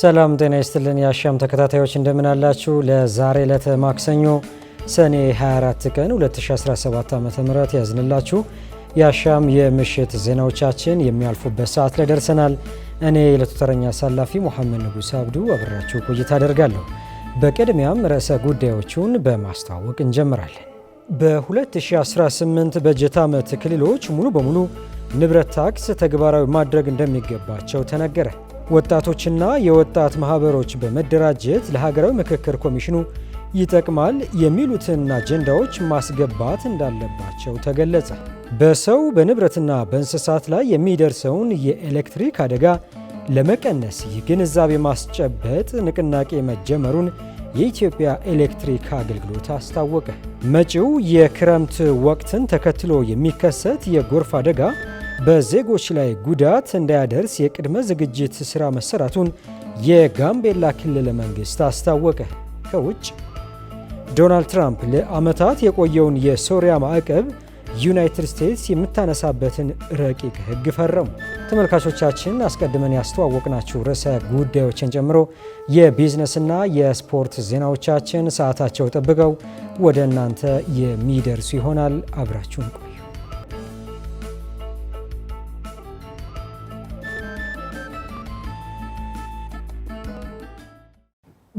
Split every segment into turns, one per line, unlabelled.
ሰላም ጤና ይስጥልን የአሻም ተከታታዮች እንደምን አላችሁ? ለዛሬ ዕለተ ማክሰኞ ሰኔ 24 ቀን 2017 ዓ ም ያዝንላችሁ የአሻም የምሽት ዜናዎቻችን የሚያልፉበት ሰዓት ላይ ደርሰናል። እኔ የዕለቱ ተረኛ አሳላፊ ሙሐመድ ንጉስ አብዱ አብራችሁ ቆይታ አደርጋለሁ። በቅድሚያም ርዕሰ ጉዳዮቹን በማስተዋወቅ እንጀምራለን። በ2018 በጀት ዓመት ክልሎች ሙሉ በሙሉ ንብረት ታክስ ተግባራዊ ማድረግ እንደሚገባቸው ተነገረ። ወጣቶችና የወጣት ማህበሮች በመደራጀት ለሀገራዊ ምክክር ኮሚሽኑ ይጠቅማል የሚሉትን አጀንዳዎች ማስገባት እንዳለባቸው ተገለጸ። በሰው በንብረትና በእንስሳት ላይ የሚደርሰውን የኤሌክትሪክ አደጋ ለመቀነስ የግንዛቤ ማስጨበጥ ንቅናቄ መጀመሩን የኢትዮጵያ ኤሌክትሪክ አገልግሎት አስታወቀ። መጪው የክረምት ወቅትን ተከትሎ የሚከሰት የጎርፍ አደጋ በዜጎች ላይ ጉዳት እንዳያደርስ የቅድመ ዝግጅት ሥራ መሰራቱን የጋምቤላ ክልል መንግሥት አስታወቀ። ከውጭ ዶናልድ ትራምፕ ለዓመታት የቆየውን የሶሪያ ማዕቀብ ዩናይትድ ስቴትስ የምታነሳበትን ረቂቅ ሕግ ፈረሙ። ተመልካቾቻችን አስቀድመን ያስተዋወቅናችሁ ርዕሰ ጉዳዮችን ጨምሮ የቢዝነስና የስፖርት ዜናዎቻችን ሰዓታቸው ጠብቀው ወደ እናንተ የሚደርሱ ይሆናል። አብራችሁን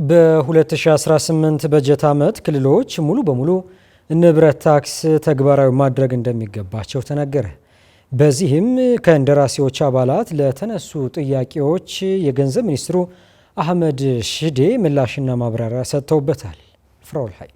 በ2018 በጀት ዓመት ክልሎች ሙሉ በሙሉ ንብረት ታክስ ተግባራዊ ማድረግ እንደሚገባቸው ተነገረ። በዚህም ከእንደራሴዎች አባላት ለተነሱ ጥያቄዎች የገንዘብ ሚኒስትሩ አህመድ ሽዴ ምላሽና ማብራሪያ ሰጥተውበታል። ፍራውል ኃይሉ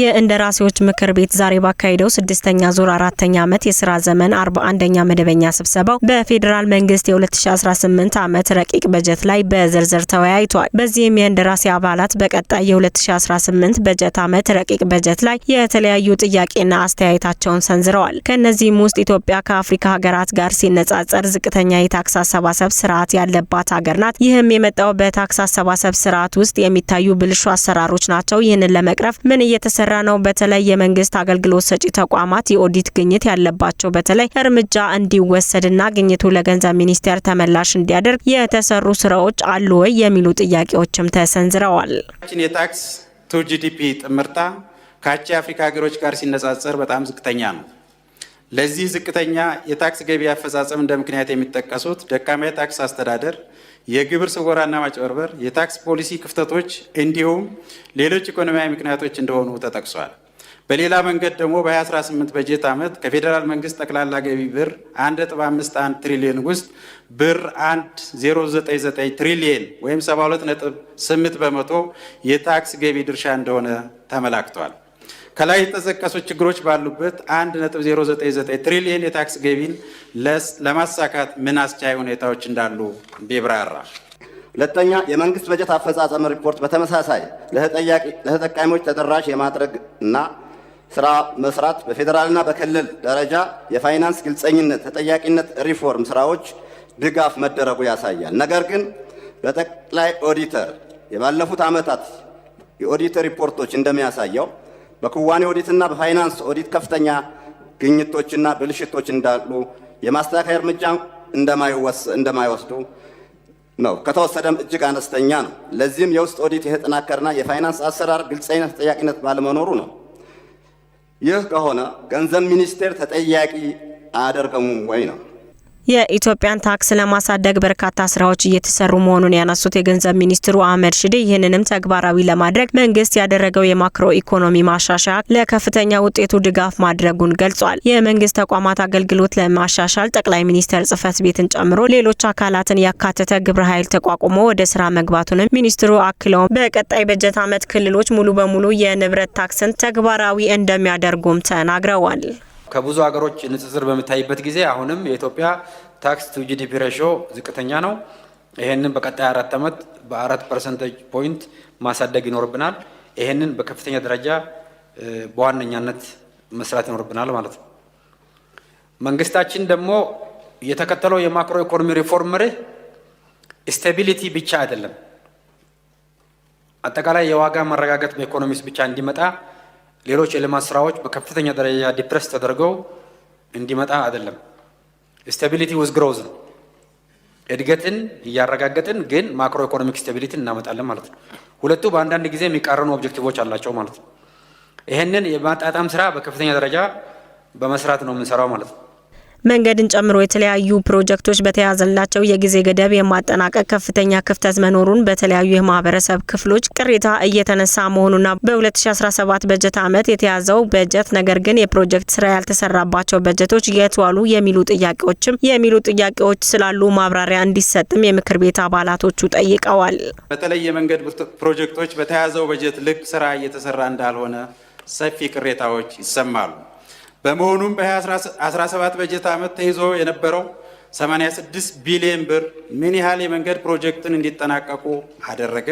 የእንደራሴዎች ምክር ቤት ዛሬ ባካሄደው ስድስተኛ ዙር አራተኛ ዓመት የስራ ዘመን አርባ አንደኛ መደበኛ ስብሰባው በፌዴራል መንግስት የ2018 ዓመት ረቂቅ በጀት ላይ በዝርዝር ተወያይቷል። በዚህም የእንደራሴ አባላት በቀጣይ የ2018 በጀት ዓመት ረቂቅ በጀት ላይ የተለያዩ ጥያቄና አስተያየታቸውን ሰንዝረዋል። ከእነዚህም ውስጥ ኢትዮጵያ ከአፍሪካ ሀገራት ጋር ሲነጻጸር ዝቅተኛ የታክስ አሰባሰብ ስርዓት ያለባት ሀገር ናት። ይህም የመጣው በታክስ አሰባሰብ ስርዓት ውስጥ የሚታዩ ብልሹ አሰራሮች ናቸው። ይህንን ለመቅረፍ ምን እየተሰ እየተሰራ ነው። በተለይ የመንግስት አገልግሎት ሰጪ ተቋማት የኦዲት ግኝት ያለባቸው በተለይ እርምጃ እንዲወሰድና ግኝቱ ለገንዘብ ሚኒስቴር ተመላሽ እንዲያደርግ የተሰሩ ስራዎች አሉ ወይ የሚሉ ጥያቄዎችም ተሰንዝረዋል።
የታክስ ቱ ጂዲፒ ጥምርታ ከአቻ የአፍሪካ ሀገሮች ጋር ሲነጻጸር በጣም ዝቅተኛ ነው። ለዚህ ዝቅተኛ የታክስ ገቢ አፈጻጸም እንደ ምክንያት የሚጠቀሱት ደካማ የታክስ አስተዳደር የግብር ስወራና ማጭበርበር፣ የታክስ ፖሊሲ ክፍተቶች እንዲሁም ሌሎች ኢኮኖሚያዊ ምክንያቶች እንደሆኑ ተጠቅሷል። በሌላ መንገድ ደግሞ በ2018 በጀት ዓመት ከፌዴራል መንግስት ጠቅላላ ገቢ ብር 1.51 ትሪሊዮን ውስጥ ብር 1099 ትሪሊየን ወይም 72.8 በመቶ የታክስ ገቢ ድርሻ እንደሆነ ተመላክቷል። ከላይ የተጠቀሱ ችግሮች ባሉበት 1.099 ትሪሊየን የታክስ ገቢን ለማሳካት ምን አስቻይ ሁኔታዎች እንዳሉ ቢብራራ።
ሁለተኛ፣ የመንግስት በጀት አፈጻጸም ሪፖርት በተመሳሳይ ለተጠቃሚዎች ተደራሽ የማድረግ እና ስራ መስራት፣ በፌዴራልና በክልል ደረጃ የፋይናንስ ግልጸኝነት፣ ተጠያቂነት ሪፎርም ስራዎች ድጋፍ መደረጉ ያሳያል። ነገር ግን በጠቅላይ ኦዲተር የባለፉት ዓመታት የኦዲተር ሪፖርቶች እንደሚያሳየው በክዋኔ ኦዲትና በፋይናንስ ኦዲት ከፍተኛ ግኝቶችና ብልሽቶች እንዳሉ የማስተካከያ እርምጃ እንደማይወስዱ ነው። ከተወሰደም እጅግ አነስተኛ ነው። ለዚህም የውስጥ ኦዲት የተጠናከረና የፋይናንስ አሰራር ግልጽነት፣ ተጠያቂነት ባለመኖሩ ነው። ይህ ከሆነ ገንዘብ ሚኒስቴር ተጠያቂ አያደርገውም ወይ ነው?
የኢትዮጵያን ታክስ ለማሳደግ በርካታ ስራዎች እየተሰሩ መሆኑን ያነሱት የገንዘብ ሚኒስትሩ አህመድ ሽዴ ይህንንም ተግባራዊ ለማድረግ መንግስት ያደረገው የማክሮ ኢኮኖሚ ማሻሻያ ለከፍተኛ ውጤቱ ድጋፍ ማድረጉን ገልጿል። የመንግስት ተቋማት አገልግሎት ለማሻሻል ጠቅላይ ሚኒስተር ጽህፈት ቤትን ጨምሮ ሌሎች አካላትን ያካተተ ግብረ ኃይል ተቋቁሞ ወደ ስራ መግባቱንም ሚኒስትሩ አክለውም በቀጣይ በጀት ዓመት ክልሎች ሙሉ በሙሉ የንብረት ታክስን ተግባራዊ እንደሚያደርጉም ተናግረዋል።
ከብዙ ሀገሮች ንጽጽር በሚታይበት ጊዜ አሁንም የኢትዮጵያ ታክስ ቱ ጂዲፒ ሬሽዮ ዝቅተኛ ነው። ይህንን በቀጣይ አራት ዓመት በአራት ፐርሰንቴጅ ፖይንት ማሳደግ ይኖርብናል። ይህንን በከፍተኛ ደረጃ በዋነኛነት መስራት ይኖርብናል ማለት ነው። መንግስታችን ደግሞ የተከተለው የማክሮ ኢኮኖሚ ሪፎርም መርህ ስቴቢሊቲ ብቻ አይደለም፣ አጠቃላይ የዋጋ መረጋጋት በኢኮኖሚ ውስጥ ብቻ እንዲመጣ ሌሎች የልማት ስራዎች በከፍተኛ ደረጃ ዲፕረስ ተደርገው እንዲመጣ አይደለም። ስታቢሊቲ ውዝ ግሮዝ ነው። እድገትን እያረጋገጥን ግን ማክሮ ኢኮኖሚክ ስታቢሊቲን እናመጣለን ማለት ነው። ሁለቱ በአንዳንድ ጊዜ የሚቃረኑ ኦብጀክቲቮች አላቸው ማለት ነው። ይህንን የማጣጣም ስራ በከፍተኛ ደረጃ በመስራት ነው የምንሰራው ማለት ነው።
መንገድን ጨምሮ የተለያዩ ፕሮጀክቶች በተያዘላቸው የጊዜ ገደብ የማጠናቀቅ ከፍተኛ ክፍተት መኖሩን በተለያዩ የማህበረሰብ ክፍሎች ቅሬታ እየተነሳ መሆኑና በ2017 በጀት ዓመት የተያዘው በጀት ነገር ግን የፕሮጀክት ስራ ያልተሰራባቸው በጀቶች የት ዋሉ የሚሉ ጥያቄዎችም የሚሉ ጥያቄዎች ስላሉ ማብራሪያ እንዲሰጥም የምክር ቤት አባላቶቹ ጠይቀዋል።
በተለይ የመንገድ ፕሮጀክቶች በተያዘው በጀት ልክ ስራ እየተሰራ እንዳልሆነ ሰፊ ቅሬታዎች ይሰማሉ። በመሆኑም በ2017 በጀት ዓመት ተይዞ የነበረው 86 ቢሊዮን ብር ምን ያህል የመንገድ ፕሮጀክትን እንዲጠናቀቁ አደረገ?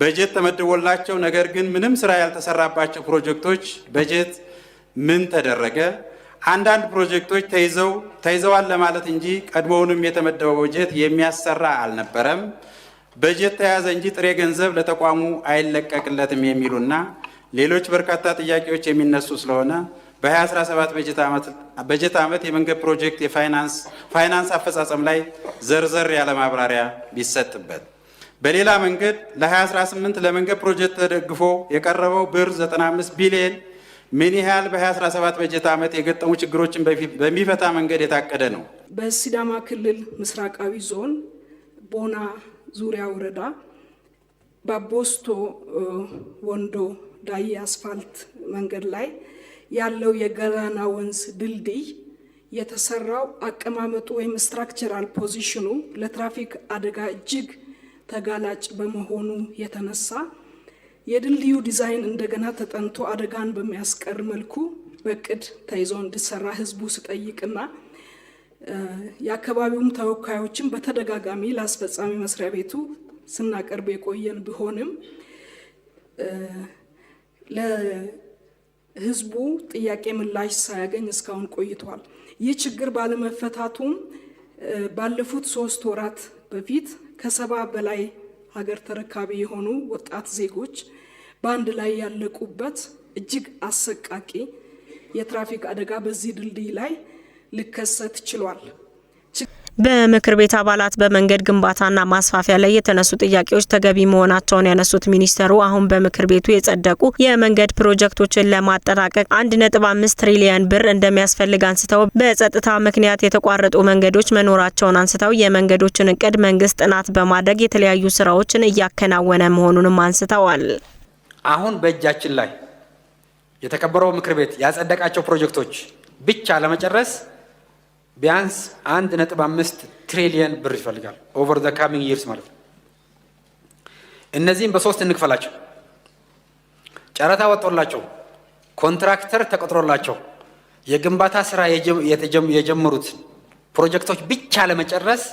በጀት ተመድቦላቸው ነገር ግን ምንም ስራ ያልተሰራባቸው ፕሮጀክቶች በጀት ምን ተደረገ? አንዳንድ ፕሮጀክቶች ተይዘው ተይዘዋል ለማለት እንጂ ቀድሞውንም የተመደበው በጀት የሚያሰራ አልነበረም። በጀት ተያዘ እንጂ ጥሬ ገንዘብ ለተቋሙ አይለቀቅለትም የሚሉና ሌሎች በርካታ ጥያቄዎች የሚነሱ ስለሆነ በ2017 በጀት ዓመት የመንገድ ፕሮጀክት የፋይናንስ አፈጻጸም ላይ ዘርዘር ያለ ማብራሪያ ቢሰጥበት። በሌላ መንገድ ለ2018 ለመንገድ ፕሮጀክት ተደግፎ የቀረበው ብር 95 ቢሊዮን ምን ያህል በ2017 በጀት ዓመት የገጠሙ ችግሮችን በሚፈታ መንገድ የታቀደ ነው?
በሲዳማ ክልል ምስራቃዊ ዞን ቦና ዙሪያ ወረዳ በቦስቶ ወንዶ ዳይ አስፋልት መንገድ ላይ ያለው የገራና ወንዝ ድልድይ የተሰራው አቀማመጡ ወይም ስትራክቸራል ፖዚሽኑ ለትራፊክ አደጋ እጅግ ተጋላጭ በመሆኑ የተነሳ የድልድዩ ዲዛይን እንደገና ተጠንቶ አደጋን በሚያስቀር መልኩ በቅድ ተይዞ እንዲሰራ ህዝቡ ስጠይቅና የአካባቢውም ተወካዮችን በተደጋጋሚ ለአስፈጻሚ መስሪያ ቤቱ ስናቀርብ የቆየን ቢሆንም ህዝቡ ጥያቄ ምላሽ ሳያገኝ እስካሁን ቆይቷል። ይህ ችግር ባለመፈታቱም ባለፉት ሶስት ወራት በፊት ከሰባ በላይ ሀገር ተረካቢ የሆኑ ወጣት ዜጎች በአንድ ላይ ያለቁበት እጅግ አሰቃቂ የትራፊክ አደጋ በዚህ ድልድይ ላይ ሊከሰት ችሏል።
በምክር ቤት አባላት በመንገድ ግንባታና ማስፋፊያ ላይ የተነሱ ጥያቄዎች ተገቢ መሆናቸውን ያነሱት ሚኒስተሩ አሁን በምክር ቤቱ የጸደቁ የመንገድ ፕሮጀክቶችን ለማጠናቀቅ አንድ ነጥብ አምስት ትሪሊየን ብር እንደሚያስፈልግ አንስተው በጸጥታ ምክንያት የተቋረጡ መንገዶች መኖራቸውን አንስተው የመንገዶችን እቅድ መንግስት ጥናት በማድረግ የተለያዩ ስራዎችን እያከናወነ መሆኑንም አንስተዋል።
አሁን በእጃችን ላይ የተከበረው ምክር ቤት ያጸደቃቸው ፕሮጀክቶች ብቻ ለመጨረስ ቢያንስ አንድ ነጥብ አምስት ትሪሊየን ብር ይፈልጋል ኦቨር ዘ ካሚንግ ይርስ ማለት ነው። እነዚህም በሶስት እንክፈላቸው። ጨረታ ወጦላቸው፣ ኮንትራክተር ተቀጥሮላቸው የግንባታ ስራ የጀመሩት ፕሮጀክቶች ብቻ ለመጨረስ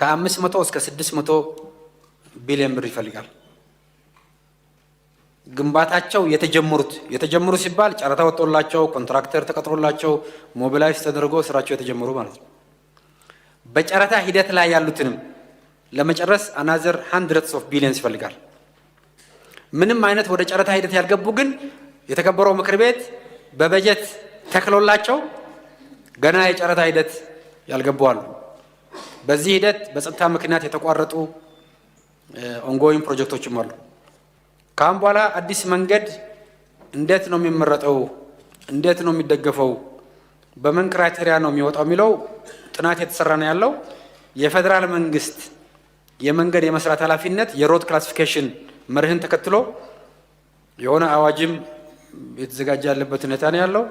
ከአምስት መቶ እስከ ስድስት መቶ ቢሊዮን ብር ይፈልጋል። ግንባታቸው የተጀመሩት የተጀመሩ ሲባል ጨረታ ወጥቶላቸው ኮንትራክተር ተቀጥሮላቸው ሞቢላይዝ ተደርጎ ስራቸው የተጀመሩ ማለት ነው። በጨረታ ሂደት ላይ ያሉትንም ለመጨረስ አናዘር ሃንድረድስ ኦፍ ቢሊየንስ ይፈልጋል። ምንም አይነት ወደ ጨረታ ሂደት ያልገቡ ግን የተከበረው ምክር ቤት በበጀት ተክሎላቸው ገና የጨረታ ሂደት ያልገቡ አሉ። በዚህ ሂደት በጸጥታ ምክንያት የተቋረጡ ኦንጎይንግ ፕሮጀክቶችም አሉ። ከአሁን በኋላ አዲስ መንገድ እንዴት ነው የሚመረጠው? እንዴት ነው የሚደገፈው? በምን ክራይቴሪያ ነው የሚወጣው የሚለው ጥናት የተሰራ ነው ያለው። የፌዴራል መንግስት የመንገድ የመስራት ኃላፊነት የሮድ ክላሲፊኬሽን መርህን ተከትሎ የሆነ አዋጅም የተዘጋጀ ያለበት ሁኔታ ነው ያለው።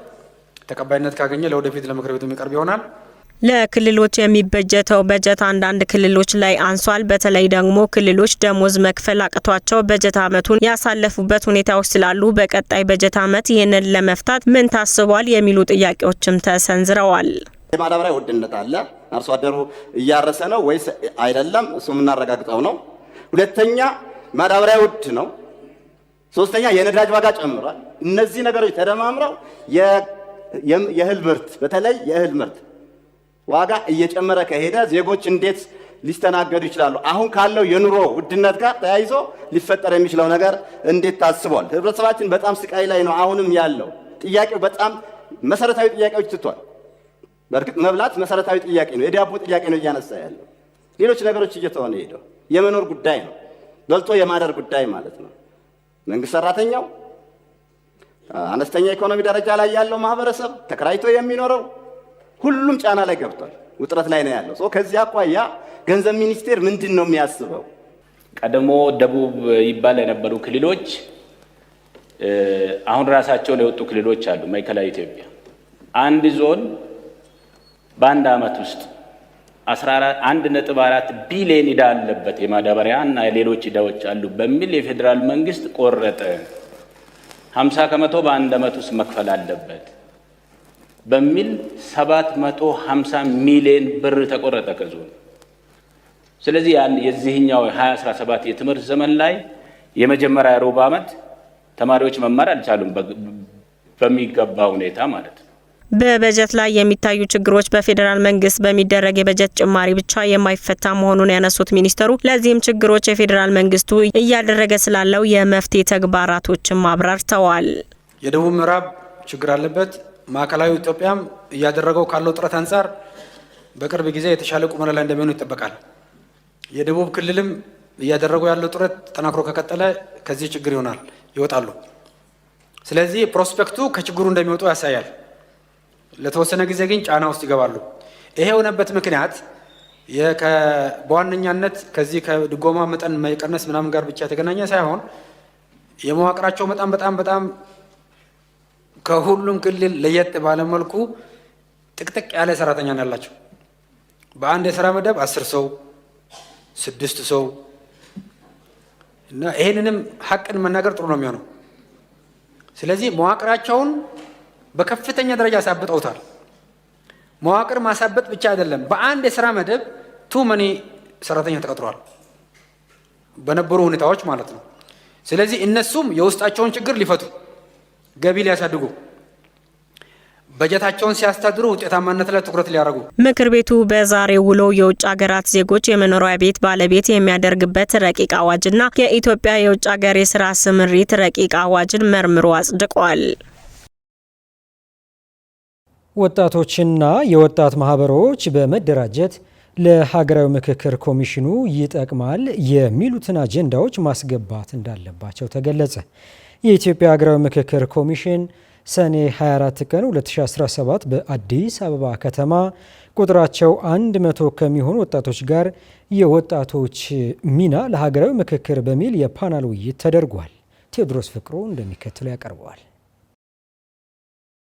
ተቀባይነት ካገኘ ለወደፊት ለምክር ቤቱ የሚቀርብ ይሆናል።
ለክልሎች የሚበጀተው በጀት አንዳንድ ክልሎች ላይ አንሷል። በተለይ ደግሞ ክልሎች ደሞዝ መክፈል አቅቷቸው በጀት ዓመቱን ያሳለፉበት ሁኔታዎች ስላሉ በቀጣይ በጀት ዓመት ይህንን ለመፍታት ምን ታስቧል የሚሉ ጥያቄዎችም ተሰንዝረዋል።
የማዳበሪያ ውድነት አለ። አርሶ አደሩ እያረሰ ነው ወይስ አይደለም? እሱ የምናረጋግጠው ነው። ሁለተኛ ማዳበሪያ ውድ ነው። ሶስተኛ የነዳጅ ዋጋ ጨምሯል። እነዚህ ነገሮች ተደማምረው የእህል ምርት በተለይ የእህል ምርት ዋጋ እየጨመረ ከሄደ ዜጎች እንዴት ሊስተናገዱ ይችላሉ? አሁን ካለው የኑሮ ውድነት ጋር ተያይዞ ሊፈጠር የሚችለው ነገር እንዴት ታስቧል? ህብረተሰባችን በጣም ስቃይ ላይ ነው አሁንም ያለው። ጥያቄው በጣም መሰረታዊ ጥያቄዎች ትቷል። በእርግጥ መብላት መሰረታዊ ጥያቄ ነው፣ የዳቦ ጥያቄ ነው እያነሳ ያለው። ሌሎች ነገሮች እየተሆነ ሄደው የመኖር ጉዳይ ነው፣ በልቶ የማደር ጉዳይ ማለት ነው። መንግስት ሰራተኛው፣ አነስተኛ ኢኮኖሚ ደረጃ ላይ ያለው ማህበረሰብ፣ ተከራይቶ የሚኖረው ሁሉም ጫና ላይ ገብቷል፣ ውጥረት ላይ ነው ያለው። ከዚህ አኳያ ገንዘብ ሚኒስቴር ምንድን ነው የሚያስበው?
ቀድሞ ደቡብ ይባል የነበሩ ክልሎች አሁን ራሳቸውን የወጡ ክልሎች አሉ። ማዕከላዊ ኢትዮጵያ አንድ ዞን በአንድ ዓመት ውስጥ አንድ ነጥብ አራት ቢሊዮን ዕዳ አለበት የማዳበሪያ እና ሌሎች ዕዳዎች አሉ በሚል የፌዴራል መንግስት ቆረጠ። ሀምሳ ከመቶ በአንድ ዓመት ውስጥ መክፈል አለበት በሚል 750 ሚሊዮን ብር ተቆረጠ ከዞን። ስለዚህ የዚህኛው 2017 የትምህርት ዘመን ላይ የመጀመሪያ ሩብ ዓመት ተማሪዎች መማር አልቻሉም በሚገባ ሁኔታ ማለት ነው።
በበጀት ላይ የሚታዩ ችግሮች በፌዴራል መንግስት በሚደረግ የበጀት ጭማሪ ብቻ የማይፈታ መሆኑን ያነሱት ሚኒስተሩ ለዚህም ችግሮች የፌዴራል መንግስቱ እያደረገ ስላለው የመፍትሄ ተግባራቶችን አብራርተዋል።
የደቡብ ምዕራብ ችግር አለበት። ማዕከላዊ ኢትዮጵያም እያደረገው ካለው ጥረት አንጻር በቅርብ ጊዜ የተሻለ ቁመና ላይ እንደሚሆኑ ይጠበቃል። የደቡብ ክልልም እያደረገው ያለው ጥረት ተጠናክሮ ከቀጠለ ከዚህ ችግር ይሆናል ይወጣሉ። ስለዚህ ፕሮስፔክቱ ከችግሩ እንደሚወጡ ያሳያል። ለተወሰነ ጊዜ ግን ጫና ውስጥ ይገባሉ። ይሄ የሆነበት ምክንያት በዋነኛነት ከዚህ ከድጎማ መጠን መቀነስ ምናምን ጋር ብቻ የተገናኘ ሳይሆን የመዋቅራቸው መጠን በጣም በጣም ከሁሉም ክልል ለየት ባለመልኩ ጥቅጥቅ ያለ ሰራተኛ ነው ያላቸው። በአንድ የስራ መደብ አስር ሰው ስድስት ሰው እና ይህንንም ሀቅን መናገር ጥሩ ነው የሚሆነው። ስለዚህ መዋቅራቸውን በከፍተኛ ደረጃ አሳብጠውታል። መዋቅር ማሳበጥ ብቻ አይደለም፣ በአንድ የስራ መደብ ቱ መኒ ሰራተኛ ተቀጥሯል፣ በነበሩ ሁኔታዎች ማለት ነው። ስለዚህ እነሱም የውስጣቸውን ችግር ሊፈቱ ገቢ ሊያሳድጉ በጀታቸውን ሲያስተድሩ ውጤታማነት ላይ ትኩረት ሊያደርጉ።
ምክር ቤቱ በዛሬ ውሎ የውጭ ሀገራት ዜጎች የመኖሪያ ቤት ባለቤት የሚያደርግበት ረቂቅ አዋጅና የኢትዮጵያ የውጭ ሀገር የስራ ስምሪት ረቂቅ አዋጅን መርምሮ አጽድቋል።
ወጣቶችና የወጣት ማህበሮች በመደራጀት ለሀገራዊ ምክክር ኮሚሽኑ ይጠቅማል የሚሉትን አጀንዳዎች ማስገባት እንዳለባቸው ተገለጸ። የኢትዮጵያ ሀገራዊ ምክክር ኮሚሽን ሰኔ 24 ቀን 2017 በአዲስ አበባ ከተማ ቁጥራቸው 100 ከሚሆኑ ወጣቶች ጋር የወጣቶች ሚና ለሀገራዊ ምክክር በሚል የፓናል ውይይት ተደርጓል። ቴዎድሮስ ፍቅሩ እንደሚከተለው ያቀርበዋል።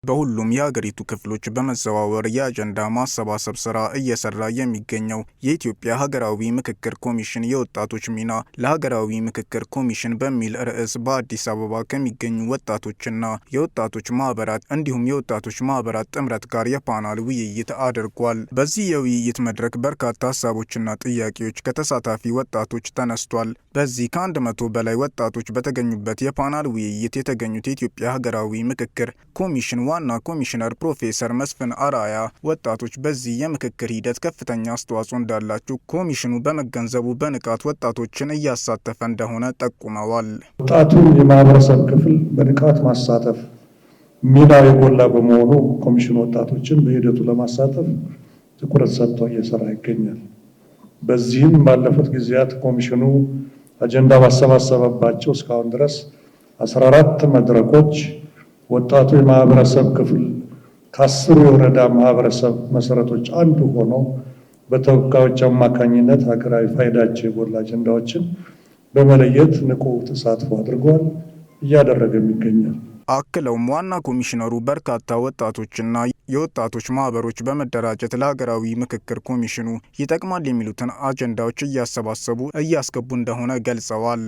በሁሉም የሀገሪቱ ክፍሎች በመዘዋወር የአጀንዳ ማሰባሰብ ስራ እየሰራ የሚገኘው የኢትዮጵያ ሀገራዊ ምክክር ኮሚሽን የወጣቶች ሚና ለሀገራዊ ምክክር ኮሚሽን በሚል ርዕስ በአዲስ አበባ ከሚገኙ ወጣቶችና የወጣቶች ማህበራት እንዲሁም የወጣቶች ማህበራት ጥምረት ጋር የፓናል ውይይት አድርጓል። በዚህ የውይይት መድረክ በርካታ ሀሳቦችና ጥያቄዎች ከተሳታፊ ወጣቶች ተነስቷል። በዚህ ከአንድ መቶ በላይ ወጣቶች በተገኙበት የፓናል ውይይት የተገኙት የኢትዮጵያ ሀገራዊ ምክክር ኮሚሽን ዋና ኮሚሽነር ፕሮፌሰር መስፍን አራያ ወጣቶች በዚህ የምክክር ሂደት ከፍተኛ አስተዋጽኦ እንዳላቸው ኮሚሽኑ በመገንዘቡ በንቃት ወጣቶችን እያሳተፈ እንደሆነ ጠቁመዋል።
ወጣቱን የማህበረሰብ ክፍል በንቃት ማሳተፍ ሚናው የጎላ በመሆኑ ኮሚሽኑ ወጣቶችን በሂደቱ ለማሳተፍ ትኩረት ሰጥቶ እየሰራ ይገኛል። በዚህም ባለፉት ጊዜያት ኮሚሽኑ አጀንዳ ባሰባሰበባቸው እስካሁን ድረስ 14 መድረኮች ወጣቱ የማህበረሰብ ክፍል ከአስሩ የወረዳ ማህበረሰብ መሰረቶች አንዱ ሆኖ በተወካዮች አማካኝነት ሀገራዊ ፋይዳቸው የጎላ አጀንዳዎችን በመለየት ንቁ ተሳትፎ አድርጓል፣ እያደረገም ይገኛል።
አክለውም ዋና ኮሚሽነሩ በርካታ ወጣቶችና የወጣቶች ማህበሮች በመደራጀት ለሀገራዊ ምክክር ኮሚሽኑ ይጠቅማል የሚሉትን አጀንዳዎች እያሰባሰቡ እያስገቡ እንደሆነ ገልጸዋል።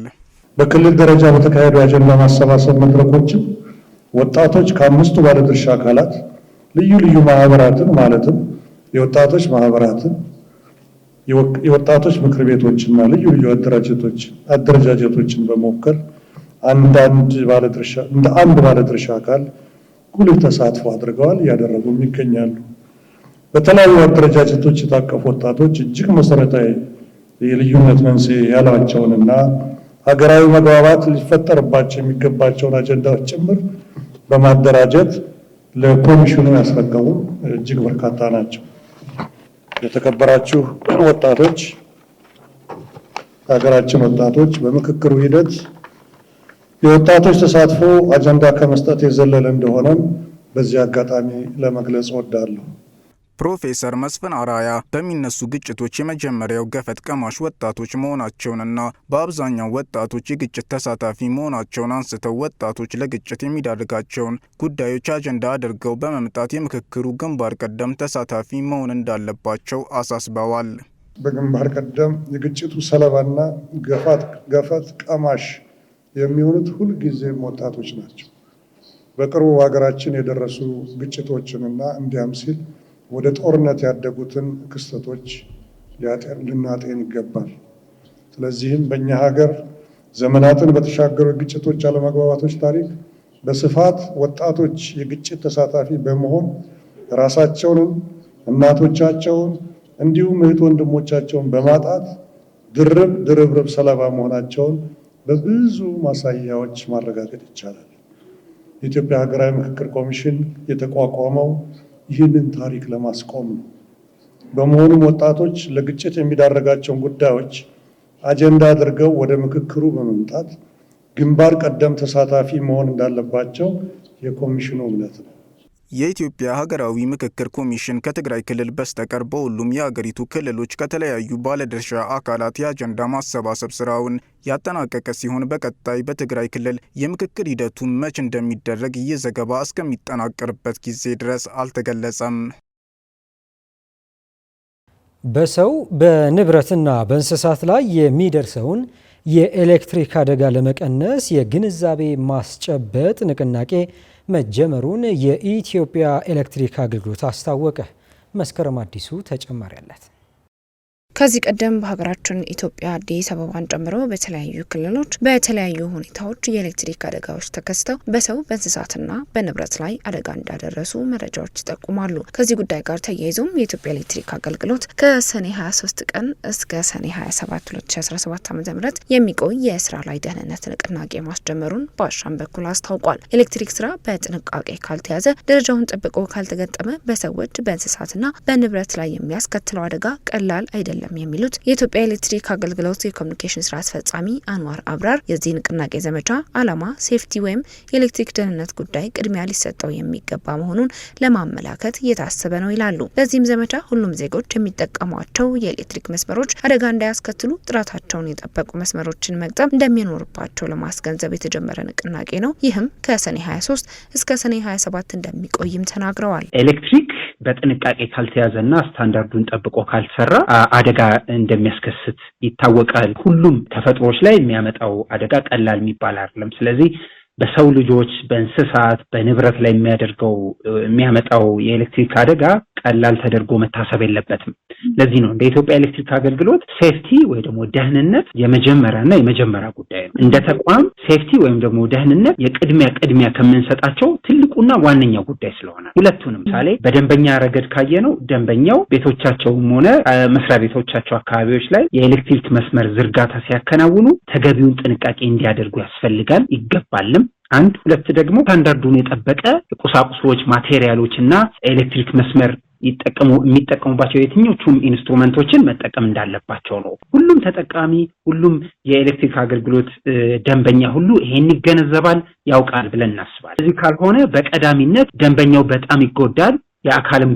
በክልል ደረጃ በተካሄዱ የአጀንዳ ማሰባሰብ መድረኮችም ወጣቶች ከአምስቱ ባለድርሻ አካላት ልዩ ልዩ ማህበራትን ማለትም የወጣቶች ማህበራትን፣ የወጣቶች ምክር ቤቶችና ልዩ ልዩ አደረጃጀቶችን በመወከል አንዳንድ ባለድርሻ እንደ አንድ ባለድርሻ አካል ጉልህ ተሳትፎ አድርገዋል፣ እያደረጉም ይገኛሉ። በተለያዩ አደረጃጀቶች የታቀፉ ወጣቶች እጅግ መሰረታዊ የልዩነት መንስኤ ያላቸውንና ሀገራዊ መግባባት ሊፈጠርባቸው የሚገባቸውን አጀንዳዎች ጭምር በማደራጀት ለኮሚሽኑ ያስረከቡ እጅግ በርካታ ናቸው። የተከበራችሁ ወጣቶች፣ የሀገራችን ወጣቶች በምክክሩ ሂደት የወጣቶች ተሳትፎ አጀንዳ ከመስጠት የዘለለ እንደሆነም በዚህ አጋጣሚ ለመግለጽ እወዳለሁ።
ፕሮፌሰር መስፍን አራያ በሚነሱ ግጭቶች የመጀመሪያው ገፈት ቀማሽ ወጣቶች መሆናቸውንና በአብዛኛው ወጣቶች የግጭት ተሳታፊ መሆናቸውን አንስተው ወጣቶች ለግጭት የሚዳርጋቸውን ጉዳዮች አጀንዳ አድርገው በመምጣት የምክክሩ ግንባር ቀደም ተሳታፊ መሆን እንዳለባቸው አሳስበዋል።
በግንባር ቀደም የግጭቱ ሰለባና ገፈት ቀማሽ የሚሆኑት ሁልጊዜም ወጣቶች ናቸው። በቅርቡ ሀገራችን የደረሱ ግጭቶችንና እንዲያም ሲል ወደ ጦርነት ያደጉትን ክስተቶች ልናጤን ይገባል። ስለዚህም በእኛ ሀገር ዘመናትን በተሻገሩ ግጭቶች፣ አለመግባባቶች ታሪክ በስፋት ወጣቶች የግጭት ተሳታፊ በመሆን ራሳቸውንም እናቶቻቸውን እንዲሁም እህት ወንድሞቻቸውን በማጣት ድርብ ድርብርብ ሰለባ መሆናቸውን በብዙ ማሳያዎች ማረጋገጥ ይቻላል። የኢትዮጵያ ሀገራዊ ምክክር ኮሚሽን የተቋቋመው ይህንን ታሪክ ለማስቆም ነው። በመሆኑም ወጣቶች ለግጭት የሚዳረጋቸውን ጉዳዮች አጀንዳ አድርገው ወደ ምክክሩ በመምጣት ግንባር ቀደም ተሳታፊ መሆን እንዳለባቸው የኮሚሽኑ እምነት ነው።
የኢትዮጵያ ሀገራዊ ምክክር ኮሚሽን ከትግራይ ክልል በስተቀር በሁሉም የአገሪቱ ክልሎች ከተለያዩ ባለድርሻ አካላት የአጀንዳ ማሰባሰብ ስራውን ያጠናቀቀ ሲሆን በቀጣይ በትግራይ ክልል የምክክር ሂደቱ መች እንደሚደረግ ይህ ዘገባ እስከሚጠናቀርበት ጊዜ ድረስ አልተገለጸም።
በሰው በንብረትና በእንስሳት ላይ የሚደርሰውን የኤሌክትሪክ አደጋ ለመቀነስ የግንዛቤ ማስጨበጥ ንቅናቄ መጀመሩን የኢትዮጵያ ኤሌክትሪክ አገልግሎት አስታወቀ። መስከረም አዲሱ ተጨማሪ አላት።
ከዚህ ቀደም በሀገራችን ኢትዮጵያ አዲስ አበባን ጨምሮ በተለያዩ ክልሎች በተለያዩ ሁኔታዎች የኤሌክትሪክ አደጋዎች ተከስተው በሰው በእንስሳትና በንብረት ላይ አደጋ እንዳደረሱ መረጃዎች ይጠቁማሉ። ከዚህ ጉዳይ ጋር ተያይዞም የኢትዮጵያ ኤሌክትሪክ አገልግሎት ከሰኔ 23 ቀን እስከ ሰኔ 27 2017 ዓ.ም የሚቆይ የስራ ላይ ደህንነት ንቅናቄ ማስጀመሩን በአሻም በኩል አስታውቋል። ኤሌክትሪክ ስራ በጥንቃቄ ካልተያዘ፣ ደረጃውን ጠብቆ ካልተገጠመ በሰዎች በእንስሳትና በንብረት ላይ የሚያስከትለው አደጋ ቀላል አይደለም አይደለም የሚሉት የኢትዮጵያ ኤሌክትሪክ አገልግሎት የኮሚኒኬሽን ስራ አስፈጻሚ አንዋር አብራር የዚህ ንቅናቄ ዘመቻ አላማ ሴፍቲ ወይም የኤሌክትሪክ ደህንነት ጉዳይ ቅድሚያ ሊሰጠው የሚገባ መሆኑን ለማመላከት እየታሰበ ነው ይላሉ። ለዚህም ዘመቻ ሁሉም ዜጎች የሚጠቀሟቸው የኤሌክትሪክ መስመሮች አደጋ እንዳያስከትሉ ጥራታቸውን የጠበቁ መስመሮችን መግጠም እንደሚኖርባቸው ለማስገንዘብ የተጀመረ ንቅናቄ ነው። ይህም ከሰኔ 23 እስከ ሰኔ 27 እንደሚቆይም ተናግረዋል።
ኤሌክትሪክ በጥንቃቄ ካልተያዘና ስታንዳርዱን ጠብቆ ካልሰራ አደጋ አደጋ እንደሚያስከስት ይታወቃል። ሁሉም ተፈጥሮዎች ላይ የሚያመጣው አደጋ ቀላል የሚባል አይደለም። ስለዚህ በሰው ልጆች፣ በእንስሳት፣ በንብረት ላይ የሚያደርገው የሚያመጣው የኤሌክትሪክ አደጋ ቀላል ተደርጎ መታሰብ የለበትም። ለዚህ ነው እንደ ኢትዮጵያ ኤሌክትሪክ አገልግሎት ሴፍቲ ወይ ደግሞ ደህንነት የመጀመሪያና የመጀመሪያ ጉዳይ ነው። እንደ ተቋም ሴፍቲ ወይም ደግሞ ደህንነት የቅድሚያ ቅድሚያ ከምንሰጣቸው ትልቁና ዋነኛ ጉዳይ ስለሆነ ሁለቱንም ምሳሌ በደንበኛ ረገድ ካየነው ደንበኛው ቤቶቻቸውም ሆነ መስሪያ ቤቶቻቸው አካባቢዎች ላይ የኤሌክትሪክ መስመር ዝርጋታ ሲያከናውኑ ተገቢውን ጥንቃቄ እንዲያደርጉ ያስፈልጋል ይገባልም። አንድ ሁለት ደግሞ ስታንዳርዱን የጠበቀ ቁሳቁሶች ማቴሪያሎች እና ኤሌክትሪክ መስመር ይጠቀሙ የሚጠቀሙባቸው የትኞቹም ኢንስትሩመንቶችን መጠቀም እንዳለባቸው ነው። ሁሉም ተጠቃሚ ሁሉም የኤሌክትሪክ አገልግሎት ደንበኛ ሁሉ ይሄን ይገነዘባል፣ ያውቃል ብለን እናስባል። እዚህ ካልሆነ በቀዳሚነት ደንበኛው በጣም ይጎዳል፣ የአካልም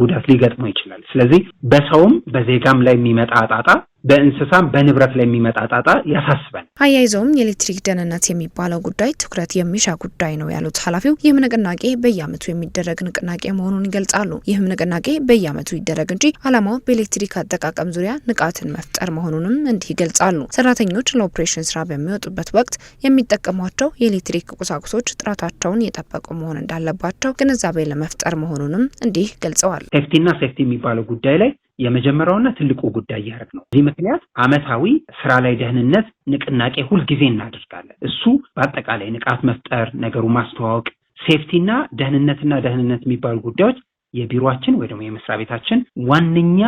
ጉዳት ሊገጥመው ይችላል። ስለዚህ በሰውም በዜጋም ላይ የሚመጣ ጣጣ በእንስሳም በንብረት ላይ የሚመጣ ጣጣ ያሳስበን።
አያይዘውም የኤሌክትሪክ ደህንነት የሚባለው ጉዳይ ትኩረት የሚሻ ጉዳይ ነው ያሉት ኃላፊው ይህም ንቅናቄ በየዓመቱ የሚደረግ ንቅናቄ መሆኑን ይገልጻሉ። ይህም ንቅናቄ በየዓመቱ ይደረግ እንጂ ዓላማው በኤሌክትሪክ አጠቃቀም ዙሪያ ንቃትን መፍጠር መሆኑንም እንዲህ ይገልጻሉ። ሰራተኞች ለኦፕሬሽን ስራ በሚወጡበት ወቅት የሚጠቀሟቸው የኤሌክትሪክ ቁሳቁሶች ጥራታቸውን የጠበቁ መሆን እንዳለባቸው ግንዛቤ ለመፍጠር መሆኑንም እንዲህ ገልጸዋል።
ሴፍቲና ሴፍቲ የሚባለው ጉዳይ ላይ የመጀመሪያውና ትልቁ ጉዳይ እያደረግ ነው። በዚህ ምክንያት አመታዊ ስራ ላይ ደህንነት ንቅናቄ ሁልጊዜ እናደርጋለን። እሱ በአጠቃላይ ንቃት መፍጠር፣ ነገሩ ማስተዋወቅ፣ ሴፍቲና ደህንነትና ደህንነት የሚባሉ ጉዳዮች የቢሮችን ወይ ደግሞ የመስሪያ ቤታችን ዋነኛ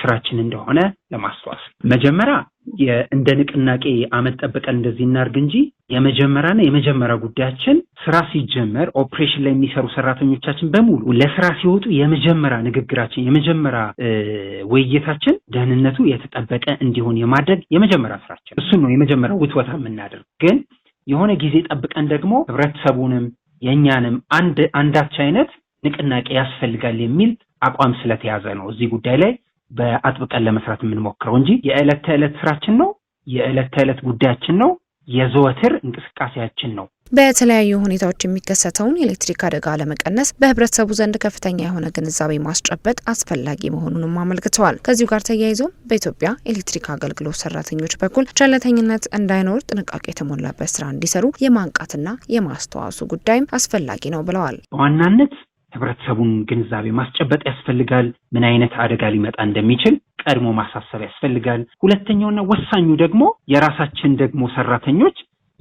ስራችን እንደሆነ ለማስተዋወቅ መጀመሪያ እንደ ንቅናቄ አመት ጠብቀን እንደዚህ እናርግ እንጂ የመጀመሪያና የመጀመሪያ ጉዳያችን ስራ ሲጀመር ኦፕሬሽን ላይ የሚሰሩ ሰራተኞቻችን በሙሉ ለስራ ሲወጡ የመጀመሪያ ንግግራችን የመጀመሪያ ውይይታችን ደህንነቱ የተጠበቀ እንዲሆን የማድረግ የመጀመሪያ ስራችን እሱን ነው። የመጀመሪያ ውትወታ የምናደርግ ግን የሆነ ጊዜ ጠብቀን ደግሞ ህብረተሰቡንም የእኛንም አንድ አንዳች አይነት ንቅናቄ ያስፈልጋል የሚል አቋም ስለተያዘ ነው እዚህ ጉዳይ ላይ በአጥብቀን ለመስራት የምንሞክረው እንጂ የዕለት ተዕለት ስራችን ነው፣ የዕለት ተዕለት ጉዳያችን ነው፣ የዘወትር እንቅስቃሴያችን ነው።
በተለያዩ ሁኔታዎች የሚከሰተውን የኤሌክትሪክ አደጋ ለመቀነስ በህብረተሰቡ ዘንድ ከፍተኛ የሆነ ግንዛቤ ማስጨበጥ አስፈላጊ መሆኑንም አመልክተዋል። ከዚሁ ጋር ተያይዞም በኢትዮጵያ ኤሌክትሪክ አገልግሎት ሰራተኞች በኩል ቸለተኝነት እንዳይኖር ጥንቃቄ የተሞላበት ስራ እንዲሰሩ የማንቃትና የማስተዋሱ ጉዳይም አስፈላጊ ነው ብለዋል።
በዋናነት ህብረተሰቡን ግንዛቤ ማስጨበጥ ያስፈልጋል። ምን አይነት አደጋ ሊመጣ እንደሚችል ቀድሞ ማሳሰብ ያስፈልጋል። ሁለተኛውና ወሳኙ ደግሞ የራሳችን ደግሞ ሰራተኞች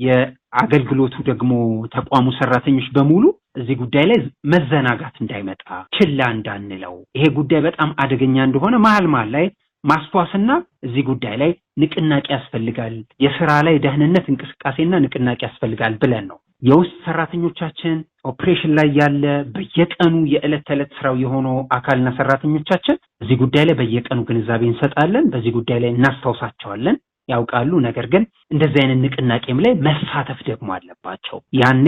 የአገልግሎቱ ደግሞ ተቋሙ ሰራተኞች በሙሉ እዚህ ጉዳይ ላይ መዘናጋት እንዳይመጣ ችላ እንዳንለው፣ ይሄ ጉዳይ በጣም አደገኛ እንደሆነ መሀል መሀል ላይ ማስታወስና እዚህ ጉዳይ ላይ ንቅናቄ ያስፈልጋል፣ የስራ ላይ ደህንነት እንቅስቃሴና ንቅናቄ ያስፈልጋል ብለን ነው የውስጥ ሰራተኞቻችን ኦፕሬሽን ላይ ያለ በየቀኑ የዕለት ተዕለት ስራው የሆነው አካልና ሰራተኞቻችን በዚህ ጉዳይ ላይ በየቀኑ ግንዛቤ እንሰጣለን። በዚህ ጉዳይ ላይ እናስታውሳቸዋለን፣ ያውቃሉ። ነገር ግን እንደዚህ አይነት ንቅናቄም ላይ መሳተፍ ደግሞ አለባቸው። ያኔ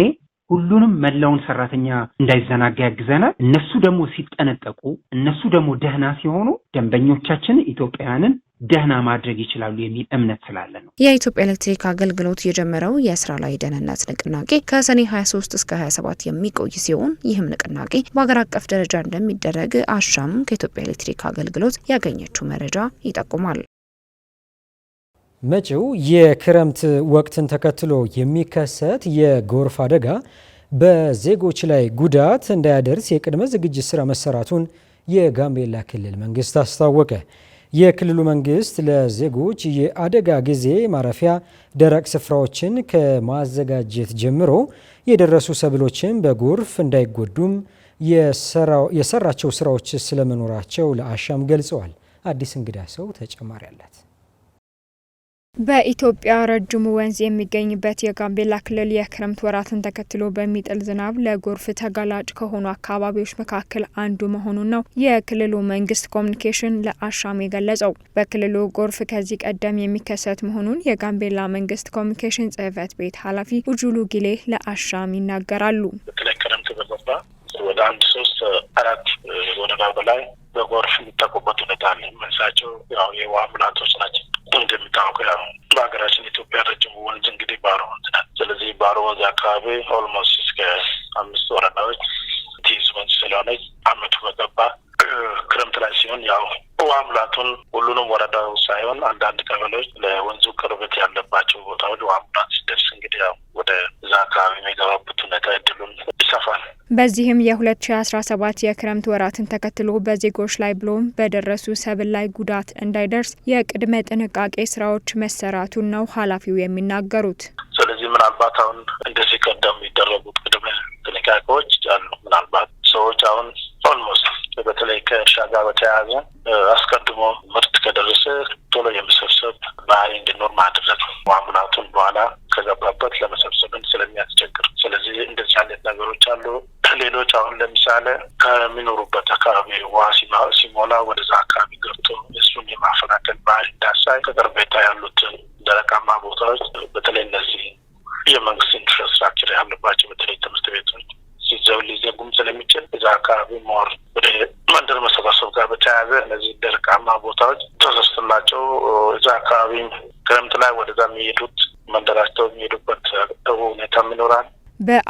ሁሉንም መላውን ሰራተኛ እንዳይዘናጋ ያግዘናል። እነሱ ደግሞ ሲጠነጠቁ እነሱ ደግሞ ደህና ሲሆኑ ደንበኞቻችን ኢትዮጵያውያንን ደህና ማድረግ ይችላሉ የሚል እምነት ስላለ ነው።
የኢትዮጵያ ኤሌክትሪክ አገልግሎት የጀመረው የስራ ላይ ደህንነት ንቅናቄ ከሰኔ 23 እስከ 27 የሚቆይ ሲሆን ይህም ንቅናቄ በሀገር አቀፍ ደረጃ እንደሚደረግ አሻም ከኢትዮጵያ ኤሌክትሪክ አገልግሎት ያገኘችው መረጃ ይጠቁማል።
መጪው የክረምት ወቅትን ተከትሎ የሚከሰት የጎርፍ አደጋ በዜጎች ላይ ጉዳት እንዳያደርስ የቅድመ ዝግጅት ስራ መሰራቱን የጋምቤላ ክልል መንግስት አስታወቀ። የክልሉ መንግስት ለዜጎች የአደጋ ጊዜ ማረፊያ ደረቅ ስፍራዎችን ከማዘጋጀት ጀምሮ የደረሱ ሰብሎችን በጎርፍ እንዳይጎዱም የሰራቸው ስራዎች ስለመኖራቸው ለአሻም ገልጸዋል። አዲስ እንግዳ ሰው ተጨማሪ አላት።
በኢትዮጵያ ረጅሙ ወንዝ የሚገኝበት የጋምቤላ ክልል የክረምት ወራትን ተከትሎ በሚጥል ዝናብ ለጎርፍ ተጋላጭ ከሆኑ አካባቢዎች መካከል አንዱ መሆኑን ነው የክልሉ መንግስት ኮሚኒኬሽን ለአሻም የገለጸው። በክልሉ ጎርፍ ከዚህ ቀደም የሚከሰት መሆኑን የጋምቤላ መንግስት ኮሚኒኬሽን ጽህፈት ቤት ኃላፊ ኡጁሉ ጊሌ ለአሻም ይናገራሉ። በዚህም የ2017 የክረምት ወራትን ተከትሎ በዜጎች ላይ ብሎም በደረሱ ሰብል ላይ ጉዳት እንዳይደርስ የቅድመ ጥንቃቄ ስራዎች መሰራቱን ነው ኃላፊው የሚናገሩት።
ስለዚህ ምናልባት አሁን እንደዚህ ቀደም የሚደረጉት ቅድመ ጥንቃቄዎች አሉ። ምናልባት ሰዎች አሁን ኦልሞስት በተለይ ከእርሻ ጋር በተያያዘ አስቀድሞ ምርት ከደረሰ ቶሎ የመሰብሰብ ባህሪ እንዲኖር ማድረግ ዋሙላ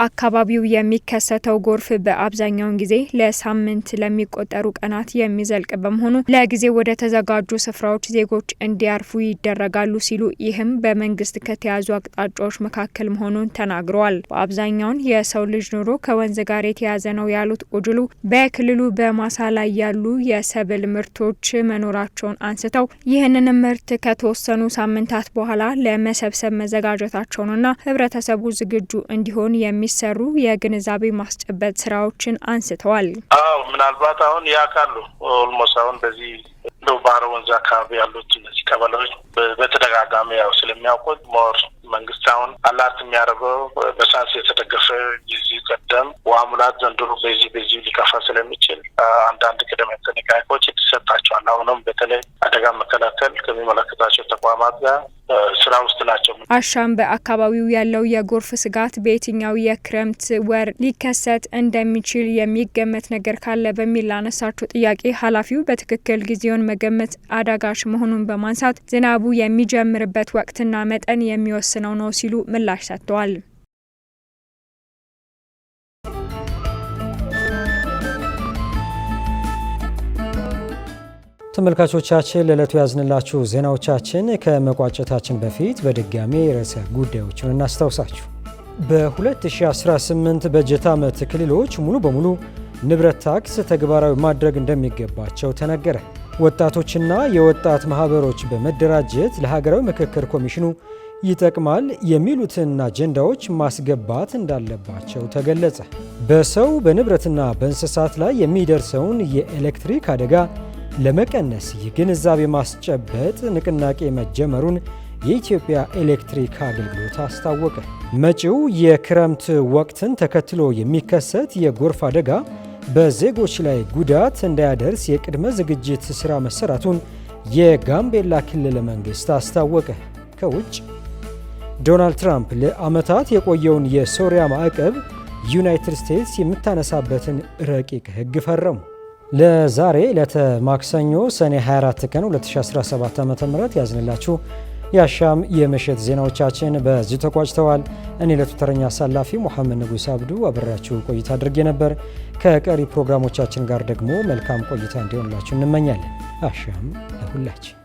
አካባቢው የሚከሰተው ጎርፍ በአብዛኛውን ጊዜ ለሳምንት ለሚቆጠሩ ቀናት የሚዘልቅ በመሆኑ ለጊዜ ወደ ተዘጋጁ ስፍራዎች ዜጎች እንዲያርፉ ይደረጋሉ ሲሉ ይህም በመንግስት ከተያዙ አቅጣጫዎች መካከል መሆኑን ተናግረዋል። በአብዛኛውን የሰው ልጅ ኑሮ ከወንዝ ጋር የተያዘ ነው ያሉት ኦጅሉ በክልሉ በማሳ ላይ ያሉ የሰብል ምርቶች መኖራቸውን አንስተው ይህንን ምርት ከተወሰኑ ሳምንታት በኋላ ለመሰብሰብ መዘጋጀታቸውንና ህብረተሰቡ ዝግጁ እንዲሆን የሚ የሚሰሩ የግንዛቤ ማስጨበጥ ስራዎችን አንስተዋል።
አዎ ምናልባት አሁን ያውቃሉ ኦልሞስ አሁን በዚህ ባሮ ወንዝ አካባቢ ያሉት እነዚህ ቀበሌዎች በተደጋጋሚ ያው ስለሚያውቁት ሞር መንግስት አሁን አላት የሚያደርገው በሳንስ የተደገፈ ጊዜ ቀደም ዋሙላት ሙላት ዘንድሮ በዚህ በዚህ ሊከፋ ስለሚችል አንዳንድ ቅደም ጥንቃቄዎች ይሰጣቸዋል። አሁንም በተለይ አደጋ መከላከል ከሚመለከታቸው ተቋማት ጋር ስራ ውስጥ ናቸው።
አሻም በአካባቢው ያለው የጎርፍ ስጋት በየትኛው የክረምት ወር ሊከሰት እንደሚችል የሚገመት ነገር ካለ በሚል ላነሳቸው ጥያቄ ኃላፊው በትክክል ጊዜውን መገመት አዳጋች መሆኑን በማንሳት ዝናቡ የሚጀምርበት ወቅትና መጠን የሚወስን ነው ነው ሲሉ ምላሽ ሰጥተዋል።
ተመልካቾቻችን ለዕለቱ ያዝንላችሁ ዜናዎቻችን ከመቋጨታችን በፊት በድጋሜ ርዕሰ ጉዳዮችን እናስታውሳችሁ። በ2018 በጀት ዓመት ክልሎች ሙሉ በሙሉ ንብረት ታክስ ተግባራዊ ማድረግ እንደሚገባቸው ተነገረ። ወጣቶችና የወጣት ማኅበሮች በመደራጀት ለሀገራዊ ምክክር ኮሚሽኑ ይጠቅማል የሚሉትን አጀንዳዎች ማስገባት እንዳለባቸው ተገለጸ። በሰው በንብረትና በእንስሳት ላይ የሚደርሰውን የኤሌክትሪክ አደጋ ለመቀነስ የግንዛቤ ማስጨበጥ ንቅናቄ መጀመሩን የኢትዮጵያ ኤሌክትሪክ አገልግሎት አስታወቀ። መጪው የክረምት ወቅትን ተከትሎ የሚከሰት የጎርፍ አደጋ በዜጎች ላይ ጉዳት እንዳያደርስ የቅድመ ዝግጅት ሥራ መሰራቱን የጋምቤላ ክልል መንግሥት አስታወቀ። ከውጭ ዶናልድ ትራምፕ ለዓመታት የቆየውን የሶሪያ ማዕቀብ ዩናይትድ ስቴትስ የምታነሳበትን ረቂቅ ሕግ ፈረሙ። ለዛሬ ለተማክሰኞ ሰኔ 24 ቀን 2017 ዓ ም ያዝንላችሁ የአሻም የምሽት ዜናዎቻችን በዚሁ ተቋጭተዋል። እኔ ለቱተረኛ አሳላፊ ሙሐመድ ንጉስ አብዱ አብሬያችሁ ቆይታ አድርጌ ነበር። ከቀሪ ፕሮግራሞቻችን ጋር ደግሞ መልካም ቆይታ እንዲሆንላችሁ እንመኛለን። አሻም ለሁላችን!